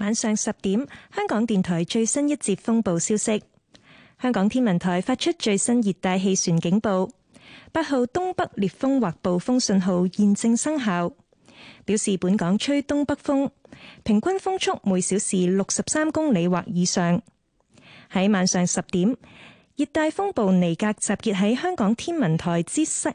晚上十點，香港電台最新一節風暴消息。香港天文台發出最新熱帶氣旋警報，八號東北烈風或暴風信號現正生效，表示本港吹東北風，平均風速每小時六十三公里或以上。喺晚上十點，熱帶風暴尼格集結喺香港天文台之西，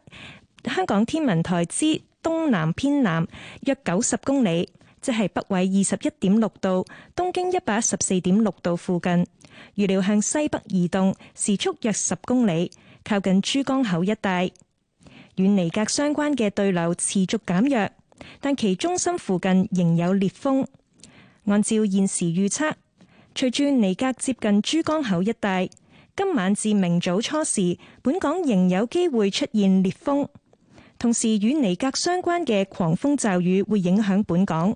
香港天文台之東南偏南約九十公里。即係北緯二十一點六度、東經一百一十四點六度附近，預料向西北移動，時速約十公里，靠近珠江口一帶。與尼格相關嘅對流持續減弱，但其中心附近仍有烈風。按照現時預測，隨住尼格接近珠江口一帶，今晚至明早初時，本港仍有機會出現烈風，同時與尼格相關嘅狂風驟雨會影響本港。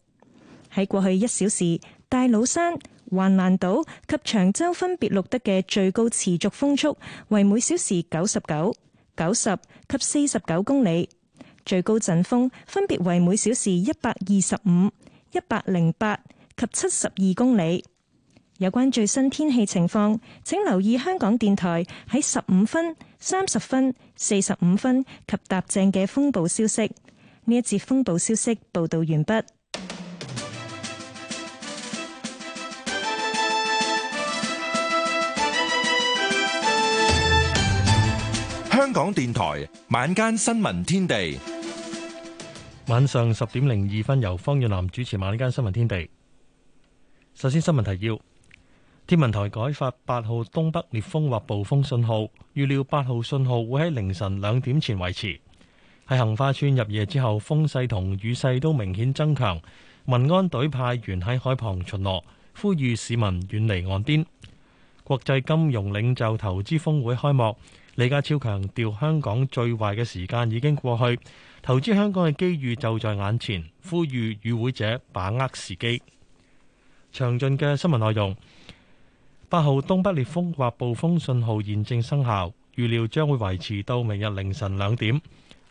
喺過去一小時，大老山、橫瀾島及長洲分別錄得嘅最高持續風速為每小時九十九、九十及四十九公里，最高陣風分別為每小時一百二十五、一百零八及七十二公里。有關最新天氣情況，請留意香港電台喺十五分、三十分、四十五分及搭正嘅風暴消息。呢一節風暴消息報導完畢。香港電台晚間新聞天地，晚上十點零二分由方遠南主持晚間新聞天地。首先新聞提要：天文台改發八號東北烈風或暴風信號，預料八號信號會喺凌晨兩點前維持。喺杏花邨入夜之後，風勢同雨勢都明顯增強，民安隊派員喺海旁巡邏，呼籲市民遠離岸邊。國際金融領袖投資峰會開幕。李家超強調，香港最壞嘅時間已經過去，投資香港嘅機遇就在眼前，呼籲與會者把握時機。詳盡嘅新聞內容。八號東北烈風或暴風信號現正生效，預料將會維持到明日凌晨兩點。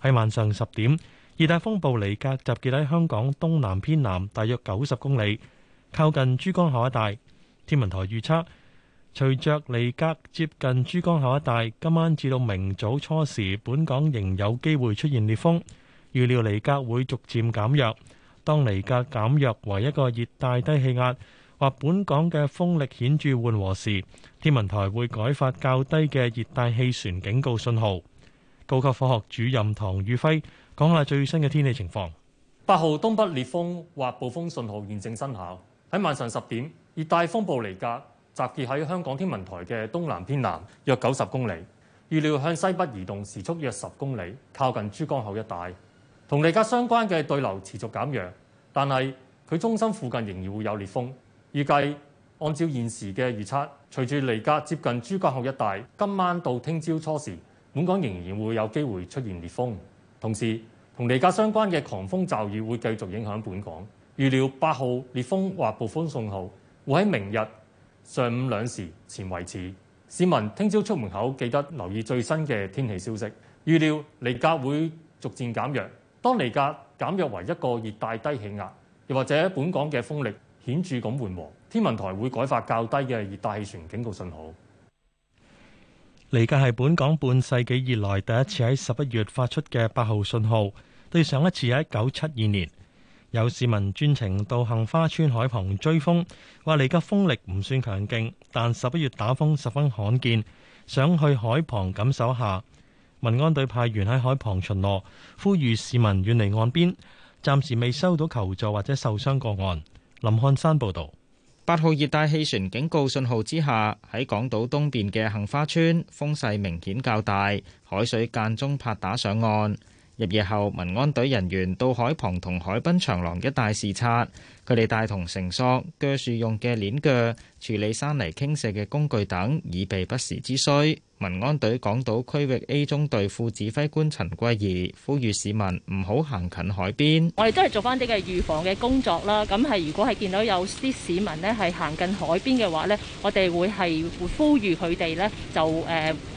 喺晚上十點，熱帶風暴尼格集結喺香港東南偏南大約九十公里，靠近珠江口一帶。天文台預測。隨着尼格接近珠江口一帶，今晚至到明早初時，本港仍有機會出現烈風。預料尼格會逐漸減弱。當尼格減弱為一個熱帶低氣壓，或本港嘅風力顯著緩和時，天文台會改發較低嘅熱帶氣旋警告信號。高級科學主任唐宇輝講下最新嘅天氣情況。八號東北烈風或暴風信號現正生效。喺晚上十點，熱帶風暴尼格集結喺香港天文台嘅東南偏南約九十公里，預料向西北移動，時速約十公里，靠近珠江口一帶。同尼格相關嘅對流持續減弱，但係佢中心附近仍然會有烈風。預計按照現時嘅預測，隨住尼格接近珠江口一帶，今晚到聽朝初時，本港仍然會有機會出現烈風。同時，同尼格相關嘅狂風驟雨會繼續影響本港。預料八號烈風或暴風信號會喺明日上午兩時前為止，市民聽朝出門口記得留意最新嘅天氣消息。預料尼格會逐漸減弱，當尼格減弱為一個熱帶低氣壓，又或者本港嘅風力顯著咁緩和，天文台會改發較低嘅熱帶氣旋警告信號。尼格係本港半世紀以來第一次喺十一月發出嘅八號信號，對上一次喺一九七二年。有市民專程到杏花村海旁追風，話而家風力唔算強勁，但十一月打風十分罕見，想去海旁感受下。民安隊派員喺海旁巡邏，呼籲市民遠離岸邊，暫時未收到求助或者受傷個案。林漢山報導。八號熱帶氣旋警告信號之下，喺港島東邊嘅杏花村，風勢明顯較大，海水間中拍打上岸。入夜後，民安隊人員到海旁同海濱長廊一帶視察，佢哋帶同繩索、鋸樹用嘅鏈鋸、處理山泥傾瀉嘅工具等，以備不時之需。民安隊港島區域 A 中隊副指揮官陳桂儀呼籲市民唔好行近海邊。我哋都係做翻啲嘅預防嘅工作啦。咁係如果係見到有啲市民咧係行近海邊嘅話咧，我哋會係會呼籲佢哋咧就誒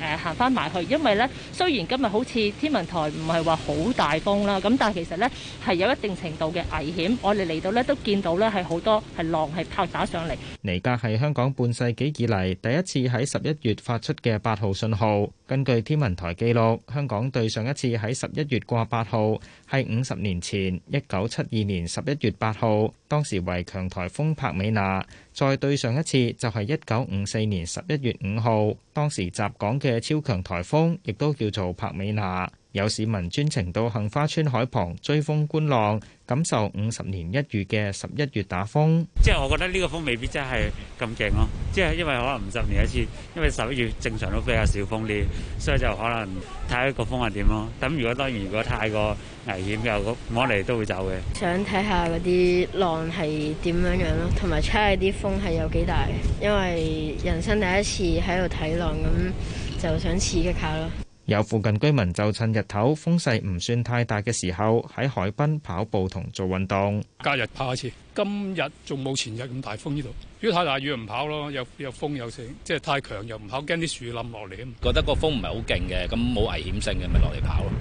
誒行翻埋去。因為咧雖然今日好似天文台唔係話好大風啦，咁但係其實咧係有一定程度嘅危險。我哋嚟到咧都見到咧係好多係浪係拍打上嚟。尼格係香港半世紀以嚟第一次喺十一月發出嘅八號。信號根據天文台記錄，香港對上一次喺十一月掛八號係五十年前一九七二年十一月八號，當時為強颱風柏美娜；再對上一次就係一九五四年十一月五號，當時襲港嘅超強颱風亦都叫做柏美娜。有市民專程到杏花村海旁追風觀浪，感受五十年一遇嘅十一月打風。即係我覺得呢個風未必真係咁勁咯，即係因為可能五十年一次，因為十一月正常都比較少風啲，所以就可能睇下個風係點咯。咁如果當然如果太過危險嘅，我嚟都會走嘅。想睇下嗰啲浪係點樣樣咯，同埋睇下啲風係有幾大，因為人生第一次喺度睇浪，咁就想刺激下咯。有附近居民就趁日頭風勢唔算太大嘅時候喺海濱跑步同做運動，隔日跑一次。今日仲冇前日咁大風呢度，如果太大雨唔跑咯，又又風又成，即係太強又唔跑，驚啲樹冧落嚟啊！覺得個風唔係好勁嘅，咁冇危險性嘅咪落嚟跑咯。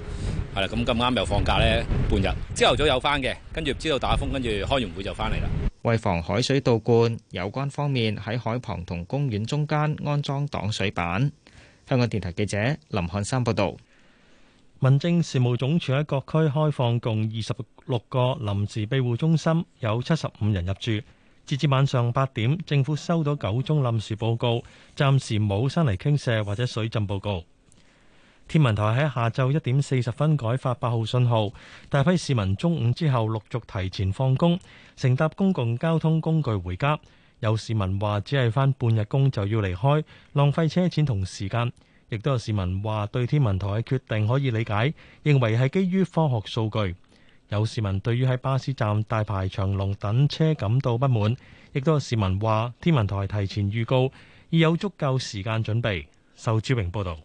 係啦，咁咁啱又放假咧，半日朝頭早有翻嘅，跟住知道打風，跟住開完會就翻嚟啦。為防海水倒灌，有關方面喺海旁同公園中間安裝擋水板。香港電台記者林漢山報道，民政事務總署喺各區開放共二十六個臨時庇護中心，有七十五人入住。截至晚上八點，政府收到九宗臨時報告，暫時冇山泥傾瀉或者水浸報告。天文台喺下晝一點四十分改發八號信號，大批市民中午之後陸續提前放工，乘搭公共交通工具回家。有市民話：只係返半日工就要離開，浪費車錢同時間。亦都有市民話對天文台嘅決定可以理解，認為係基於科學數據。有市民對於喺巴士站大排長龍等車感到不滿。亦都有市民話天文台提前預告，已有足夠時間準備。受招榮報導，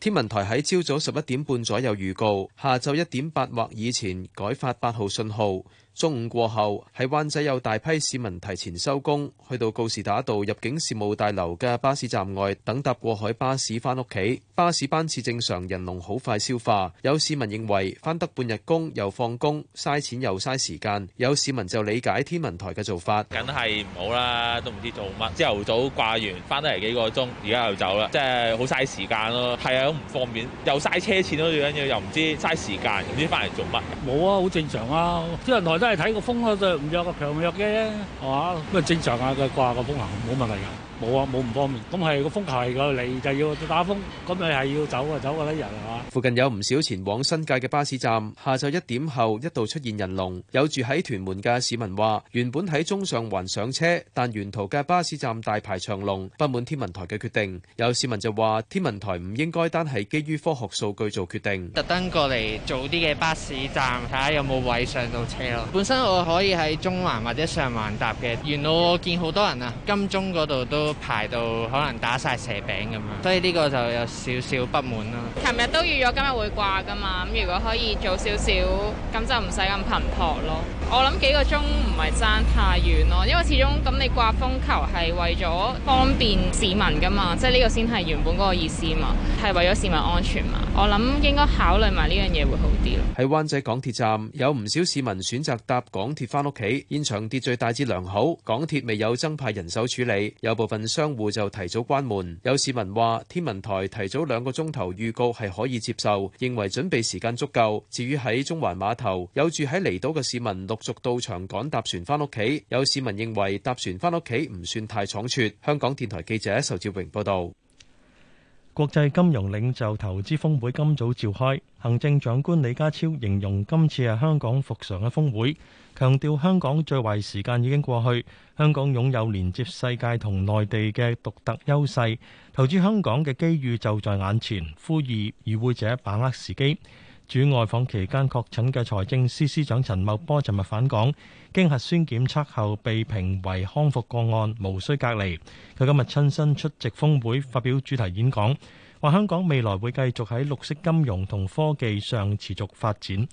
天文台喺朝早十一點半左右預告，下晝一點八或以前改發八號信號。中午過後喺灣仔有大批市民提前收工，去到告士打道入境事務大樓嘅巴士站外等搭過海巴士翻屋企。巴士班次正常，人龍好快消化。有市民認為翻得半日工又放工，嘥錢又嘥時間。有市民就理解天文台嘅做法。梗係唔好啦，都唔知做乜。朝頭早掛完，翻得嚟幾個鐘，而家又走啦，即係好嘥時間咯。係啊，好唔方便，又嘥車錢咯，最緊要又唔知嘥時間，唔知翻嚟做乜。冇啊，好正常啊，天文台。真係睇個風咯，就唔弱個強弱嘅，係嘛？咁啊正常啊，佢掛個風行冇問題㗎。冇啊，冇唔方便。咁係個風球係嚟，就要打風，咁你係要走啊，走嗰一日係嘛？附近有唔少前往新界嘅巴士站，下晝一點後一度出現人龍。有住喺屯門嘅市民話，原本喺中上環上車，但沿途嘅巴士站大排長龍，不滿天文台嘅決定。有市民就話，天文台唔應該單係基於科學數據做決定。特登過嚟早啲嘅巴士站睇下有冇位上到車咯。本身我可以喺中環或者上環搭嘅，沿路我見好多人啊，金鐘嗰度都。排到可能打晒蛇餅咁樣，所以呢個就有少少不滿啦。琴日都預咗今日會掛噶嘛，咁如果可以早少少，咁就唔使咁頻撲咯。我諗幾個鐘唔係差太遠咯，因為始終咁你掛風球係為咗方便市民噶嘛，即係呢個先係原本嗰個意思嘛，係為咗市民安全嘛。我諗應該考慮埋呢樣嘢會好啲。喺灣仔港鐵站，有唔少市民選擇搭港鐵翻屋企，現場秩序大致良好，港鐵未有增派人手處理，有部分商戶就提早關門。有市民話：天文台提早兩個鐘頭預告係可以接受，認為準備時間足夠。至於喺中環碼頭，有住喺離島嘅市民六。續到場趕搭船返屋企，有市民認為搭船返屋企唔算太倉促。香港電台記者仇志榮報道。國際金融領袖投資峰會今早召開，行政長官李家超形容今次係香港復常嘅峰會，強調香港最壞時間已經過去，香港擁有連接世界同內地嘅獨特優勢，投資香港嘅機遇就在眼前，呼籲與會者把握時機。主外訪期間確診嘅財政司司長陳茂波尋日返港，經核酸檢測後被評為康復個案，無需隔離。佢今日親身出席峰會，發表主題演講，話香港未來會繼續喺綠色金融同科技上持續發展。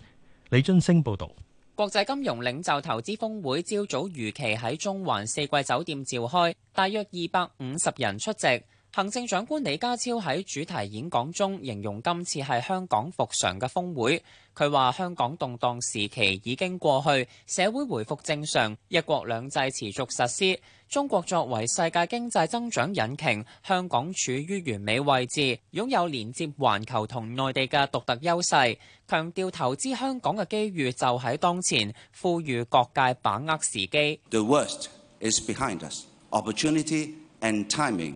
李津升報導。國際金融領袖投資峰會朝早如期喺中環四季酒店召開，大約二百五十人出席。行政長官李家超喺主題演講中形容今次係香港復常嘅峰會。佢話香港動盪時期已經過去，社會回復正常，一國兩制持續實施。中國作為世界經濟增長引擎，香港處於完美位置，擁有連接環球同內地嘅獨特優勢。強調投資香港嘅機遇就喺當前，呼籲各界把握時機。The worst is behind us. Opportunity and timing.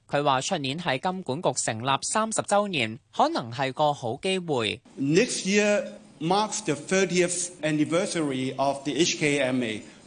佢話：出年係金管局成立三十週年，可能係個好機會。Next year marks the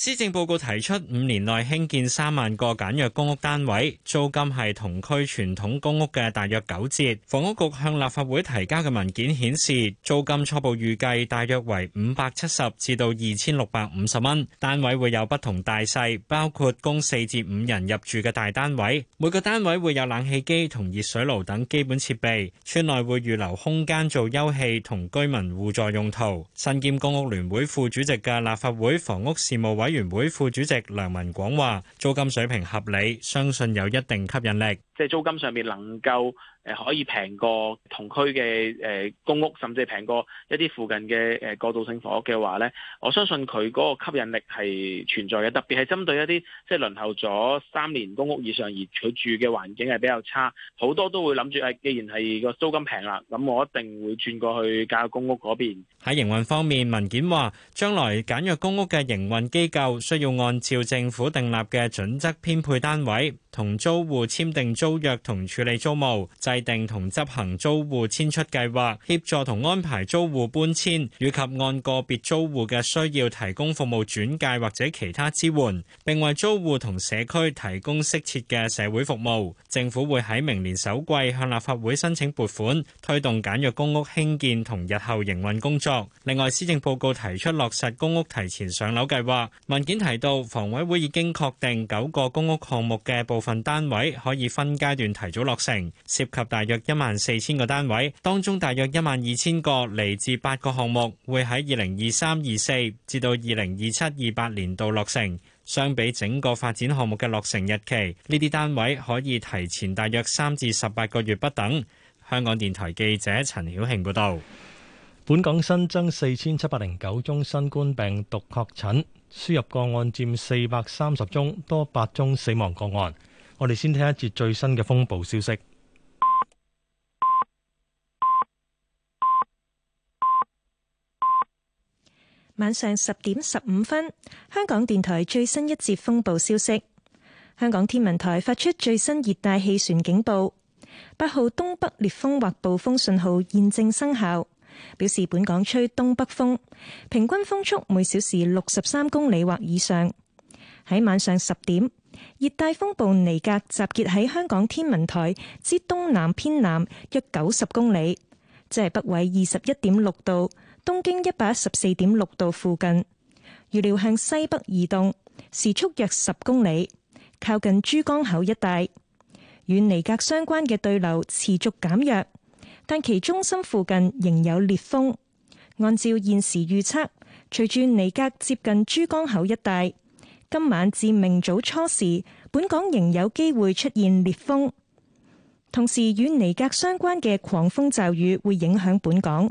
施政報告提出五年內興建三萬個簡約公屋單位，租金係同區傳統公屋嘅大約九折。房屋局向立法會提交嘅文件顯示，租金初步預計大約為五百七十至到二千六百五十蚊。單位會有不同大細，包括供四至五人入住嘅大單位。每個單位會有冷氣機同熱水爐等基本設備。邨內會預留空間做休憩同居民互助用途。新建公屋聯會副主席嘅立法會房屋事務委。委員會副主席梁文廣話：租金水平合理，相信有一定吸引力。即係租金上面能夠。可以平過同區嘅誒公屋，甚至平過一啲附近嘅誒過渡性房屋嘅話咧，我相信佢嗰個吸引力係存在嘅。特別係針對一啲即係輪候咗三年公屋以上而佢住嘅環境係比較差，好多都會諗住誒，既然係個租金平啦，咁我一定會轉過去加公屋嗰邊。喺營運方面，文件話將來簡約公屋嘅營運機構需要按照政府訂立嘅準則，編配單位，同租戶簽訂租約同處理租務制。定同執行租戶遷出計劃，協助同安排租戶搬遷，以及按個別租戶嘅需要提供服務轉介或者其他支援，並為租戶同社區提供適切嘅社會服務。政府會喺明年首季向立法會申請撥款，推動簡約公屋興建同日後營運工作。另外，施政報告提出落實公屋提前上樓計劃。文件提到，房委會已經確定九個公屋項目嘅部分單位可以分階段提早落成，涉及大約一萬四千個單位，當中大約一萬二千個嚟自八個項目，會喺二零二三、二四至到二零二七、二八年度落成。相比整個發展項目嘅落成日期，呢啲單位可以提前大約三至十八個月不等。香港電台記者陳曉慶報道。本港新增四千七百零九宗新冠病毒確診，輸入個案占四百三十宗，多八宗死亡個案。我哋先聽一節最新嘅風暴消息。晚上十點十五分，香港電台最新一節風暴消息。香港天文台發出最新熱帶氣旋警報，八號東北烈風或暴風信號現正生效，表示本港吹東北風，平均風速每小時六十三公里或以上。喺晚上十點，熱帶風暴尼格集結喺香港天文台之東南偏南約九十公里，即係北緯二十一點六度。東經一百一十四點六度附近，預料向西北移動，時速約十公里，靠近珠江口一帶。與尼格相關嘅對流持續減弱，但其中心附近仍有烈風。按照現時預測，隨住尼格接近珠江口一帶，今晚至明早初時，本港仍有機會出現烈風。同時，與尼格相關嘅狂風驟雨會影響本港。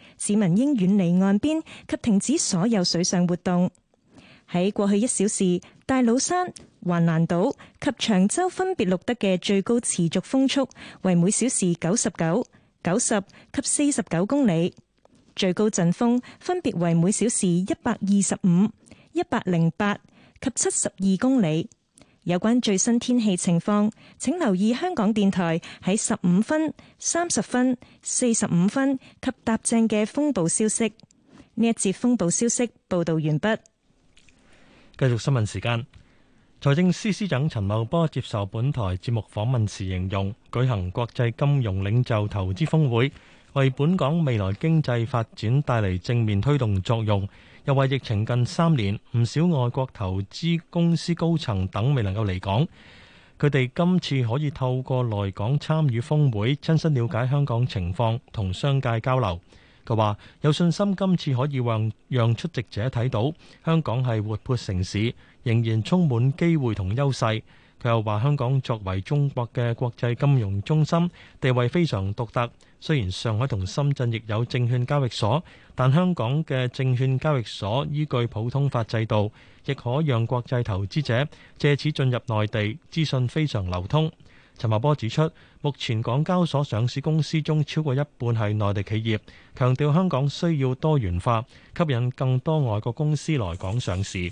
市民應遠離岸邊，及停止所有水上活動。喺過去一小時，大老山、橫瀾島及長洲分別錄得嘅最高持續風速為每小時九十九、九十及四十九公里，最高陣風分別為每小時一百二十五、一百零八及七十二公里。有關最新天氣情況，請留意香港電台喺十五分、三十分、四十五分及搭正嘅風暴消息。呢一節風暴消息報道完畢。繼續新聞時間，財政司司長陳茂波接受本台節目訪問時形容，舉行國際金融領袖投資峰會，為本港未來經濟發展帶嚟正面推動作用。又話疫情近三年，唔少外國投資公司高層等未能夠嚟港，佢哋今次可以透過來港參與峰會，親身了解香港情況同商界交流。佢話有信心今次可以讓讓出席者睇到香港係活潑城市，仍然充滿機會同優勢。佢又話：香港作為中國嘅國際金融中心地位非常獨特。雖然上海同深圳亦有證券交易所，但香港嘅證券交易所依據普通法制度，亦可讓國際投資者藉此進入內地，資訊非常流通。陳茂波指出，目前港交所上市公司中超過一半係內地企業，強調香港需要多元化，吸引更多外國公司來港上市。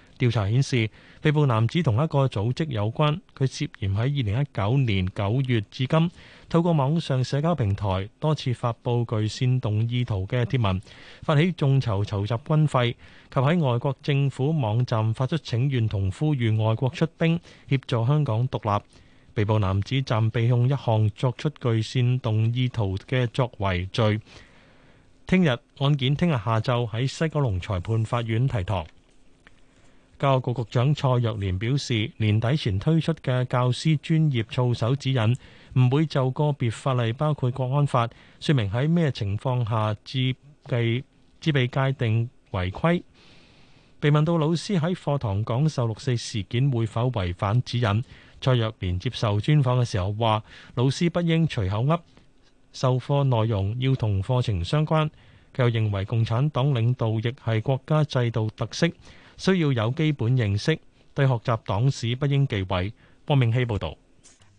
調查顯示，被捕男子同一個組織有關，佢涉嫌喺二零一九年九月至今，透過網上社交平台多次發布具煽動意圖嘅貼文，發起眾籌籌集軍費，及喺外國政府網站發出請願同呼籲外國出兵協助香港獨立。被捕男子暫被控一項作出具煽動意圖嘅作為罪。聽日案件聽日下晝喺西九龍裁判法院提堂。教育局局長蔡若蓮表示，年底前推出嘅教師專業操守指引，唔會就個別法例，包括國安法，說明喺咩情況下至被至被界定違規。被問到老師喺課堂講授六四事件會否違反指引，蔡若蓮接受專訪嘅時候話，老師不應隨口噏，授課內容要同課程相關。佢又認為共產黨領導亦係國家制度特色。需要有基本認識，對學習黨史不應忌諱。郭明希報導。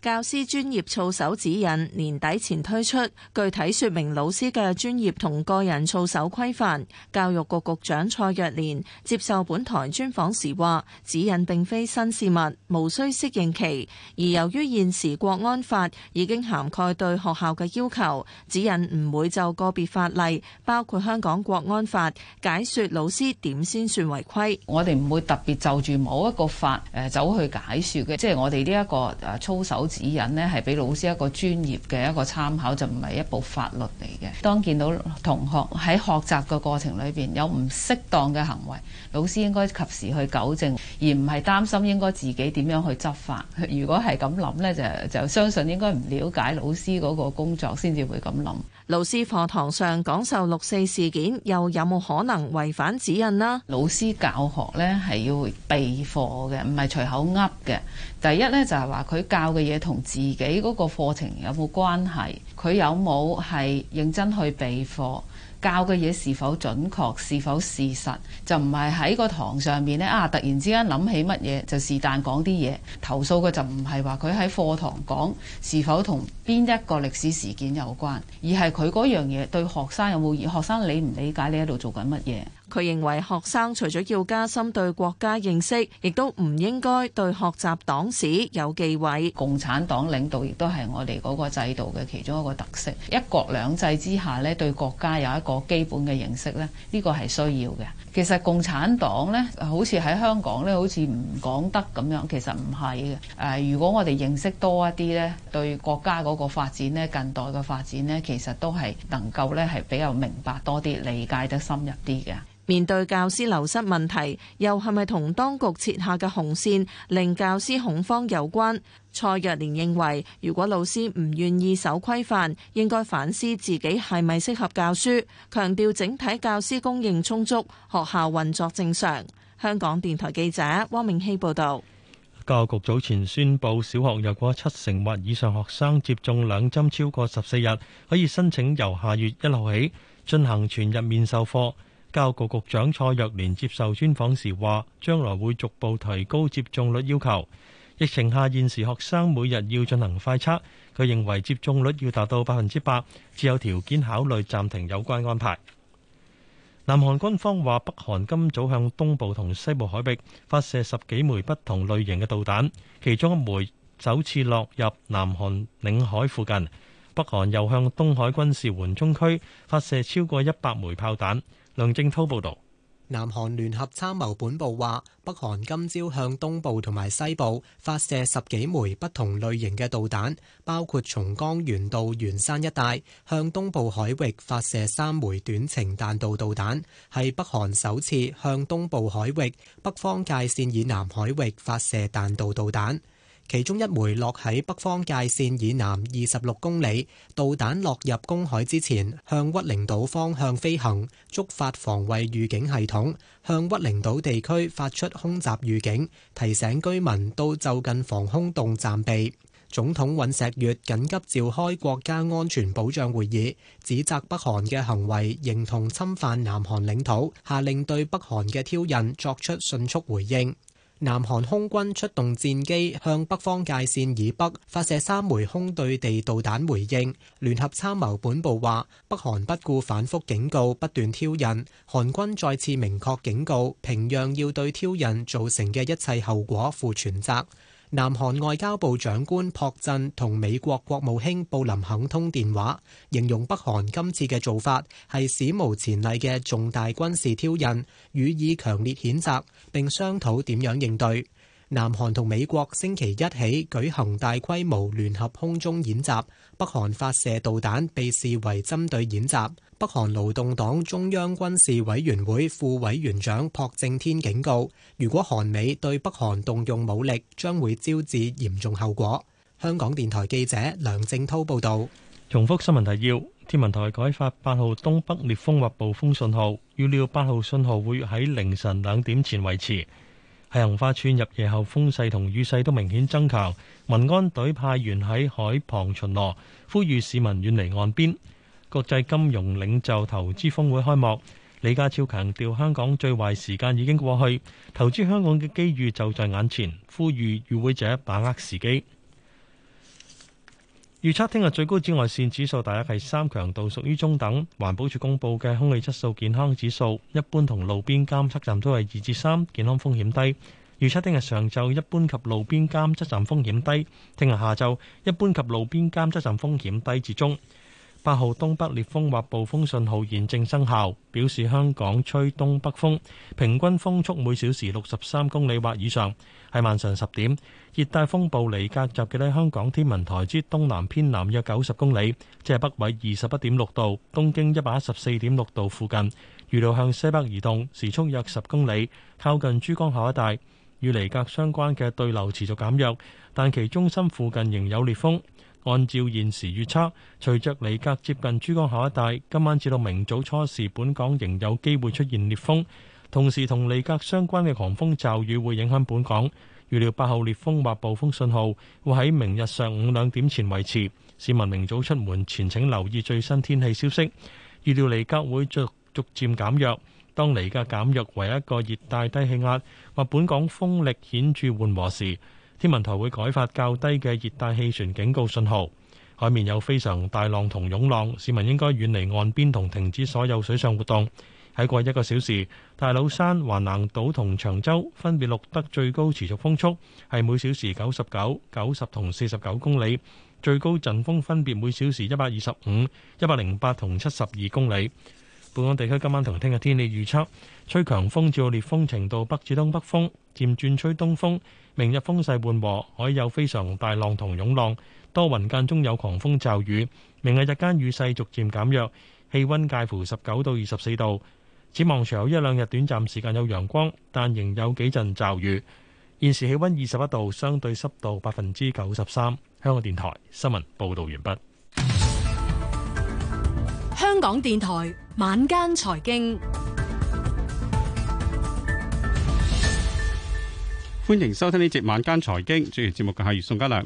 教師專業操守指引年底前推出，具體說明老師嘅專業同個人操守規範，教育局局長蔡若蓮接受本台專訪時話指引並非新事物，無需適應期。而由於現時國安法已經涵蓋對學校嘅要求，指引唔會就個別法例，包括香港國安法，解說老師點先算違規。我哋唔會特別就住某一個法誒，走去解說嘅，即係我哋呢一個誒操守。指引呢，係俾老師一個專業嘅一個參考，就唔係一部法律嚟嘅。當見到同學喺學習嘅過程裏邊有唔適當嘅行為，老師應該及時去糾正，而唔係擔心應該自己點樣去執法。如果係咁諗呢，就就相信應該唔了解老師嗰個工作先至會咁諗。老師課堂上講授六四事件，又有冇可能違反指引呢？老師教學呢，係要備課嘅，唔係隨口噏嘅。第一咧就係話佢教嘅嘢同自己嗰個課程有冇關係，佢有冇係認真去備課，教嘅嘢是否準確，是否事實，就唔係喺個堂上面咧啊，突然之間諗起乜嘢，就是但講啲嘢。投訴嘅就唔係話佢喺課堂講是否同邊一個歷史事件有關，而係佢嗰樣嘢對學生有冇益，學生理唔理解你喺度做緊乜嘢？佢認為學生除咗要加深對國家認識，亦都唔應該對學習黨史有忌諱。共產黨領導亦都係我哋嗰個制度嘅其中一個特色。一國兩制之下咧，對國家有一個基本嘅認識咧，呢個係需要嘅。其實共產黨呢，好似喺香港呢，好似唔講得咁樣。其實唔係嘅。誒，如果我哋認識多一啲呢，對國家嗰個發展呢，近代嘅發展呢，其實都係能夠呢，係比較明白多啲，理解得深入啲嘅。面對教師流失問題，又係咪同當局設下嘅紅線，令教師恐慌有關？蔡若蓮認為，如果老師唔願意守規範，應該反思自己係咪適合教書。強調整體教師供應充足，學校運作正常。香港電台記者汪明希報道。教育局早前宣佈，小學有過七成或以上學生接種兩針超過十四日，可以申請由下月一號起進行全日面授課。教育局局長蔡若蓮接受專訪時話，將來會逐步提高接種率要求。疫情下現時學生每日要進行快測，佢認為接種率要達到百分之百，只有條件考慮暫停有關安排。南韓軍方話北韓今早向東部同西部海域發射十幾枚不同類型嘅導彈，其中一枚首次落入南韓領海附近。北韓又向東海軍事緩衝區發射超過一百枚炮彈，梁正濤報道。南韓聯合參謀本部話，北韓今朝向東部同埋西部發射十幾枚不同類型嘅導彈，包括從江原道元山一帶向東部海域發射三枚短程彈道導彈，係北韓首次向東部海域北方界線以南海域發射彈道導彈。其中一枚落喺北方界線以南二十六公里，導彈落入公海之前，向鬱陵島方向飛行，觸發防衛預警系統，向鬱陵島地區發出空襲預警，提醒居民到就近防空洞暫避。總統尹錫悅緊急召開國家安全保障會議，指責北韓嘅行為形同侵犯南韓領土，下令對北韓嘅挑釁作出迅速回應。南韓空軍出動戰機向北方界線以北發射三枚空對地導彈回應。聯合參謀本部話：北韓不顧反覆警告，不斷挑釁，韓軍再次明確警告，平壤要對挑釁造成嘅一切後果負全責。南韓外交部長官朴振同美國國務卿布林肯通電話，形容北韓今次嘅做法係史無前例嘅重大軍事挑釁，予以強烈譴責，並商討點樣應對。南韓同美國星期一起舉行大規模聯合空中演習，北韓發射導彈被視為針對演習。北韓勞動黨中央軍事委員會副委員長朴正天警告，如果韓美對北韓動用武力，將會招致嚴重後果。香港電台記者梁正滔報導。重複新聞提要，天文台改發八號東北烈風或暴風信號，預料八號信號會喺凌晨兩點前維持。喺杏花邨入夜後，風勢同雨勢都明顯增強，民安隊派員喺海旁巡邏，呼籲市民遠離岸邊。國際金融領袖投資峰會開幕，李家超強調香港最壞時間已經過去，投資香港嘅機遇就在眼前，呼籲與會者把握時機。預測聽日最高紫外線指數大約係三強度，屬於中等。環保署公布嘅空氣質素健康指數，一般同路邊監測站都係二至三，健康風險低。預測聽日上晝一般及路邊監測站風險低，聽日下晝一般及路邊監測站風險低至中。八號東北烈風或暴風信號現正生效，表示香港吹東北風，平均風速每小時六十三公里或以上。喺晚上十點，熱帶風暴尼格集結喺香港天文台之東南偏南約九十公里，即係北緯二十一點六度、東經一百一十四點六度附近，預料向西北移動，時速約十公里，靠近珠江口一帶。與尼格相關嘅對流持續減弱，但其中心附近仍有烈風。按照現時預測，隨着尼格接近珠江口一帶，今晚至到明早初時，本港仍有機會出現烈風，同時同尼格相關嘅狂風驟雨會影響本港。預料八號烈風或暴風信號會喺明日上午兩點前維持，市民明早出門前請留意最新天氣消息。預料尼格會逐逐漸減弱，當尼格減弱為一個熱帶低氣壓或本港風力顯著緩和時，天文台會改發較低嘅熱帶氣旋警告信號，海面有非常大浪同湧浪，市民應該遠離岸邊同停止所有水上活動。喺過去一個小時，大老山、橫瀾島同長洲分別錄得最高持續風速係每小時九十九、九十同四十九公里，最高陣風分別每小時一百二十五、一百零八同七十二公里。本港地區今晚同聽日天氣預測。吹強風，照烈風程度，北至東北風，漸轉吹東風。明日風勢緩和，海有非常大浪同湧浪，多雲間中有狂風驟雨。明日日間雨勢逐漸減弱，氣溫介乎十九到二十四度。展望長有一兩日短暫時間有陽光，但仍有幾陣驟雨。現時氣溫二十一度，相對濕度百分之九十三。香港電台新聞報道完畢。香港電台晚間財經。歡迎收聽呢節晚間財經主持節目嘅係宋嘉良。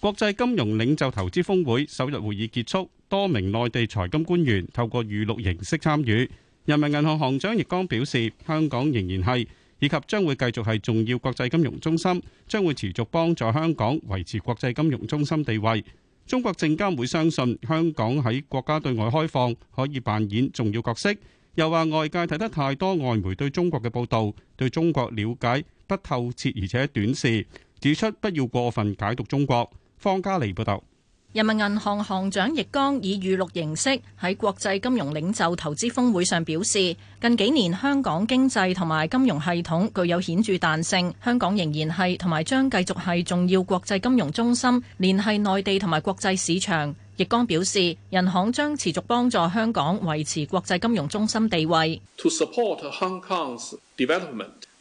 國際金融領袖投資峰會首日會議結束，多名內地財金官員透過預錄形式參與。人民銀行行長易綱表示，香港仍然係以及將會繼續係重要國際金融中心，將會持續幫助香港維持國際金融中心地位。中國證監會相信香港喺國家對外開放可以扮演重要角色，又話外界睇得太多外媒對中國嘅報道，對中國了解。不透徹而且短視，指出不要過分解讀中國。方家莉報道：人民銀行行長易綱以預錄形式喺國際金融領袖投資峰會上表示，近幾年香港經濟同埋金融系統具有顯著彈性，香港仍然係同埋將繼續係重要國際金融中心，聯繫內地同埋國際市場。易綱表示，人行將持續幫助香港維持國際金融中心地位。To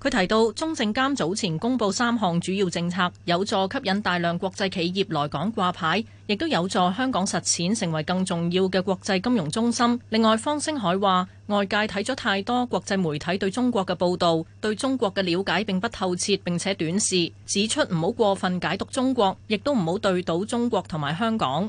佢提到，中證監早前公布三項主要政策，有助吸引大量國際企業來港掛牌，亦都有助香港實踐成為更重要嘅國際金融中心。另外，方星海話：外界睇咗太多國際媒體對中國嘅報導，對中國嘅瞭解並不透徹並且短視，指出唔好過分解讀中國，亦都唔好對賭中國同埋香港。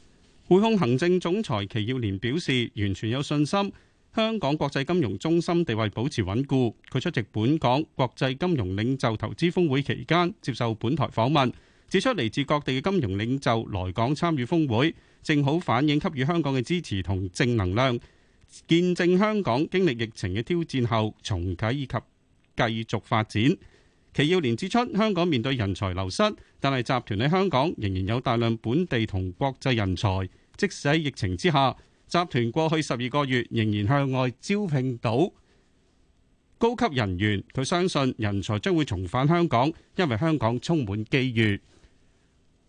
匯控行政總裁祁耀年表示，完全有信心香港國際金融中心地位保持穩固。佢出席本港國際金融領袖投資峰會期間接受本台訪問，指出嚟自各地嘅金融領袖來港參與峰會，正好反映給予香港嘅支持同正能量，見證香港經歷疫情嘅挑戰後重啟以及繼續發展。祁耀年指出，香港面對人才流失，但係集團喺香港仍然有大量本地同國際人才。即使喺疫情之下，集團過去十二個月仍然向外招聘到高級人員。佢相信人才將會重返香港，因為香港充滿機遇。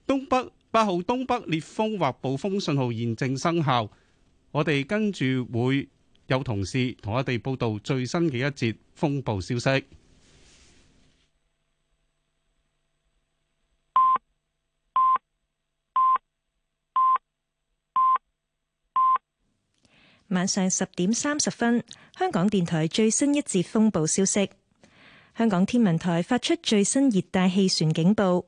東北，八號東北烈風或暴風信號現正生效，我哋跟住會有同事同我哋報道最新嘅一節風暴消息。晚上十點三十分，香港電台最新一節風暴消息。香港天文台發出最新熱帶氣旋警報，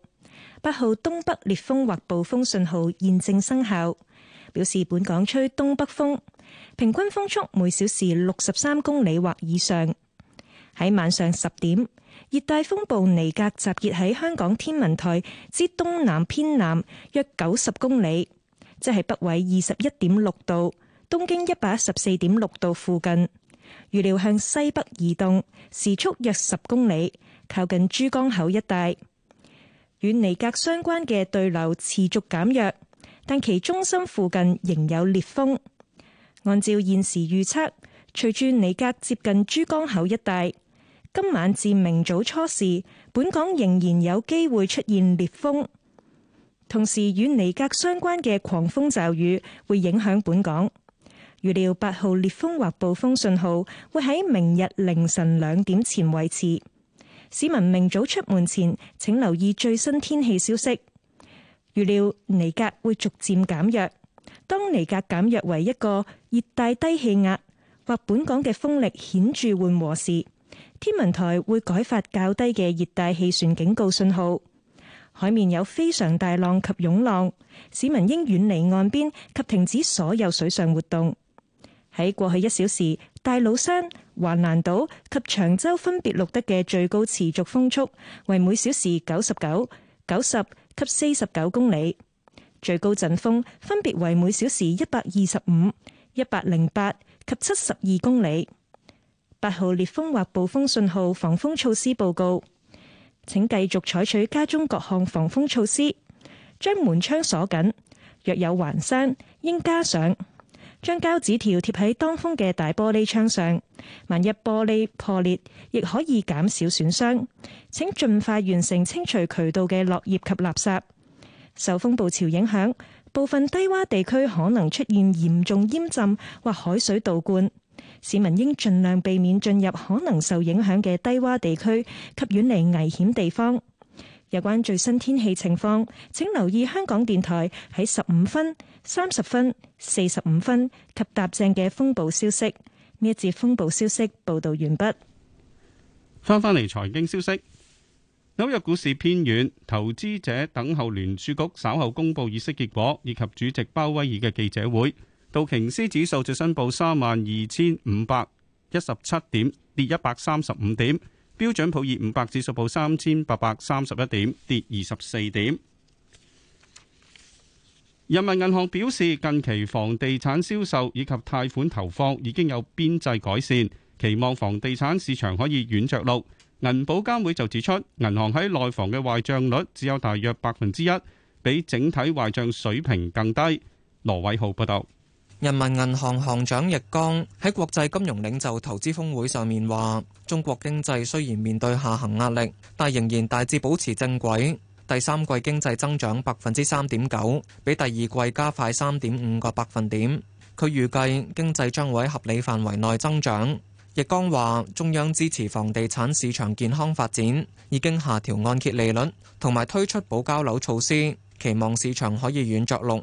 八號東北烈風或暴風信號現正生效，表示本港吹東北風，平均風速每小時六十三公里或以上。喺晚上十點，熱帶風暴尼格集結喺香港天文台之東南偏南約九十公里，即係北緯二十一點六度。東經一百一十四點六度附近，預料向西北移動，時速約十公里，靠近珠江口一帶。與尼格相關嘅對流持續減弱，但其中心附近仍有烈風。按照現時預測，隨住尼格接近珠江口一帶，今晚至明早初時，本港仍然有機會出現烈風。同時，與尼格相關嘅狂風驟雨會影響本港。預料八號烈風或暴風信號會喺明日凌晨兩點前維持。市民明早出門前，請留意最新天氣消息。預料尼格會逐漸減弱，當尼格減弱為一個熱帶低氣壓或本港嘅風力顯著緩和時，天文台會改發較低嘅熱帶氣旋警告信號。海面有非常大浪及湧浪，市民應遠離岸邊及停止所有水上活動。喺過去一小時，大老山、橫瀾島及長洲分別錄得嘅最高持續風速為每小時九十九、九十及四十九公里，最高陣風分別為每小時一百二十五、一百零八及七十二公里。八號烈風或暴風信號防風措施報告：請繼續採取家中各項防風措施，將門窗鎖緊。若有橫閂，應加上。將膠紙條貼喺當風嘅大玻璃窗上，萬一玻璃破裂，亦可以減少損傷。請盡快完成清除渠道嘅落葉及垃圾。受風暴潮影響，部分低洼地區可能出現嚴重淹浸或海水倒灌，市民應盡量避免進入可能受影響嘅低洼地區及遠離危險地方。有關最新天氣情況，請留意香港電台喺十五分、三十分、四十五分及搭正嘅風暴消息。呢一節風暴消息報道完畢。翻返嚟財經消息，紐約股市偏軟，投資者等候聯儲局稍後公布議息結果以及主席鮑威爾嘅記者會。道瓊斯指數就申報三萬二千五百一十七點，跌一百三十五點。標準普爾五百指數報三千八百三十一點，跌二十四點。人民銀行表示，近期房地產銷售以及貸款投放已經有邊際改善，期望房地產市場可以軟着陸。銀保監會就指出，銀行喺內房嘅壞賬率只有大約百分之一，比整體壞賬水平更低。羅偉浩報道。人民銀行行長易綱喺國際金融領袖投資峰會上面話，中國經濟雖然面對下行壓力，但仍然大致保持正軌，第三季經濟增長百分之三點九，比第二季加快三點五個百分點，佢預計經濟將會喺合理範圍內增長。易綱話中央支持房地產市場健康發展，已經下調按揭利率，同埋推出保交樓措施，期望市場可以軟着陸。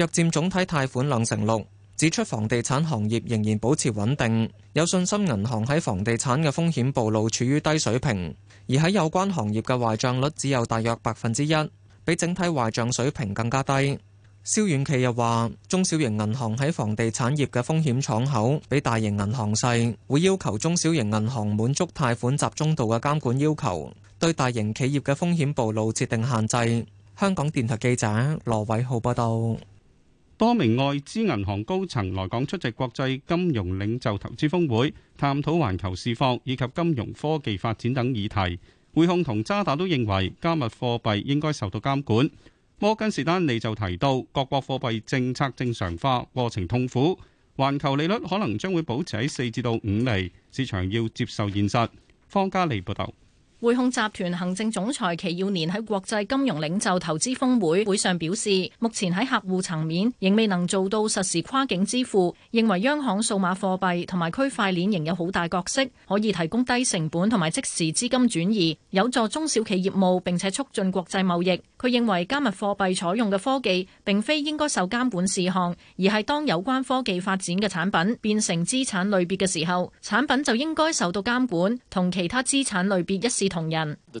約佔總體貸款兩成六，指出房地產行業仍然保持穩定，有信心銀行喺房地產嘅風險暴露處於低水平。而喺有關行業嘅壞賬率只有大約百分之一，比整體壞賬水平更加低。蕭遠企又話，中小型銀行喺房地產業嘅風險敞口比大型銀行細，會要求中小型銀行滿足貸款集中度嘅監管要求，對大型企業嘅風險暴露設定限制。香港電台記者羅偉浩報道。多名外資銀行高層來港出席國際金融領袖投資峰會，探討環球市況以及金融科技發展等議題。匯控同渣打都認為加密貨幣應該受到監管。摩根士丹利就提到，各國貨幣政策正常化過程痛苦，環球利率可能將會保持喺四至到五厘，市場要接受現實。方嘉利報道。匯控集團行政總裁祁耀年喺國際金融領袖投資峰會會上表示，目前喺客戶層面仍未能做到實時跨境支付，認為央行數碼貨幣同埋區塊鏈仍有好大角色，可以提供低成本同埋即時資金轉移，有助中小企業務，並且促進國際貿易。佢認為加密貨幣採用嘅科技並非應該受監管事項，而係當有關科技發展嘅產品變成資產類別嘅時候，產品就應該受到監管，同其他資產類別一視同仁。The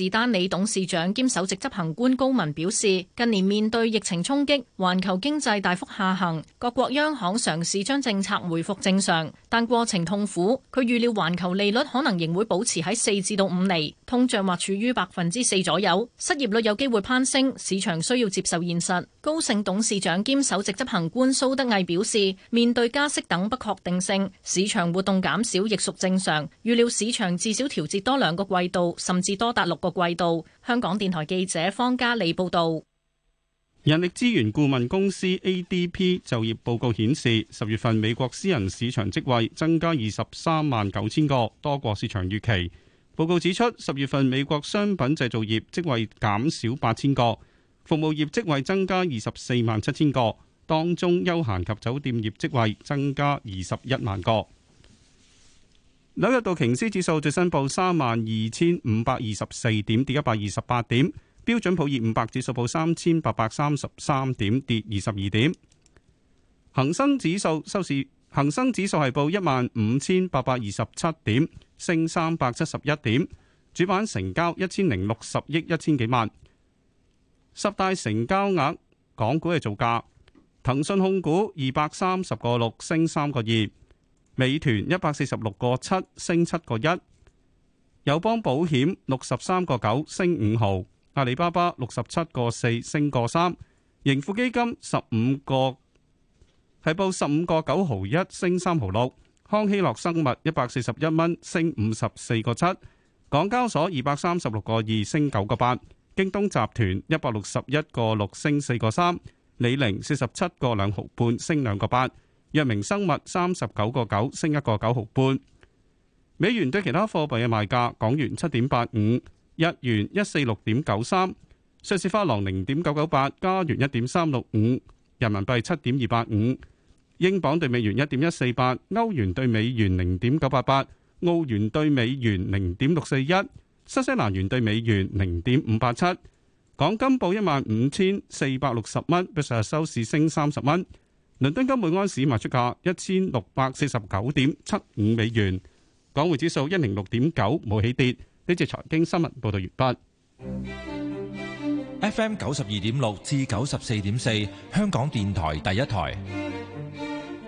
士丹利董事長兼首席執行官高文表示，近年面對疫情衝擊，環球經濟大幅下行，各國央行嘗試將政策回復正常，但過程痛苦。佢預料環球利率可能仍會保持喺四至到五厘，通脹或處於百分之四左右，失業率有機會攀升。市場需要接受現實。高盛董事長兼首席執行官蘇德毅表示，面對加息等不確定性，市場活動減少亦屬正常。預料市場至少調節多兩個季度，甚至多達六個。季度。香港電台記者方嘉莉報道，人力資源顧問公司 ADP 就業報告顯示，十月份美國私人市場職位增加二十三萬九千個，多過市場預期。報告指出，十月份美國商品製造業職位減少八千個，服務業職位增加二十四萬七千個，當中休閒及酒店業職位增加二十一萬個。紐約道瓊斯指數最新報三萬二千五百二十四點，跌一百二十八點。標準普爾五百指數報三千八百三十三點，跌二十二點。恒生指數收市，恒生指數係報一萬五千八百二十七點，升三百七十一點。主板成交一千零六十億一千幾萬。十大成交額港股嘅造價，騰訊控股二百三十個六，升三個二。美團一百四十六個七，升七個一，友邦保險六十三個九，升五毫，阿里巴巴六十七個四，升個三，盈富基金十五個係報十五個九毫一，升三毫六，康希諾生物一百四十一蚊，升五十四個七，港交所二百三十六個二，升九個八，京東集團一百六十一個六，升四個三，李寧四十七個兩毫半，升兩個八。藥明生物三十九個九，升一個九毫半。美元對其他貨幣嘅賣價：港元七點八五，日元一四六點九三，瑞士法郎零點九九八，加元一點三六五，人民幣七點二八五，英鎊對美元一點一四八，歐元對美元零點九八八，澳元對美元零點六四一，新西蘭元對美元零點五八七。港金報一萬五千四百六十蚊，比上日收市升三十蚊。倫敦金每安士賣出價一千六百四十九點七五美元，港匯指數一零六點九冇起跌。呢隻財經新聞報道完畢。FM 九十二點六至九十四點四，香港電台第一台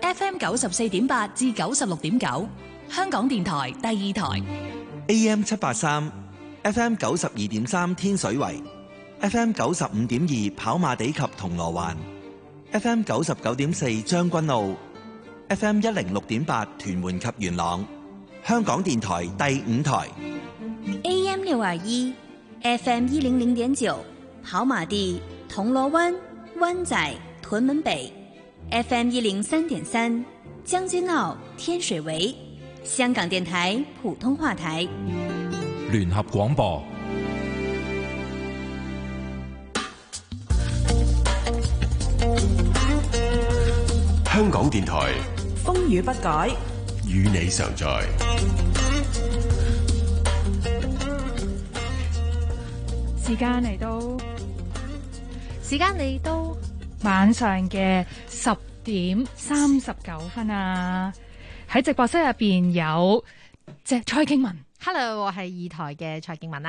；FM 九十四點八至九十六點九，香港電台第二台；AM 七八三，FM 九十二點三天水圍；FM 九十五點二跑馬地及銅鑼灣。FM 九十九點四將軍澳，FM 一零六點八屯門及元朗，香港電台第五台，AM 六二一，FM 一零零點九跑馬地、銅鑼灣、灣仔、屯門北，FM 一零三點三將軍澳天水圍，香港電台普通話台，聯合廣播。香港電台風雨不改，與你常在。時間嚟到，時間嚟到，晚上嘅十點三十九分啊！喺直播室入邊有隻蔡敬文，Hello，我係二台嘅蔡敬文啊。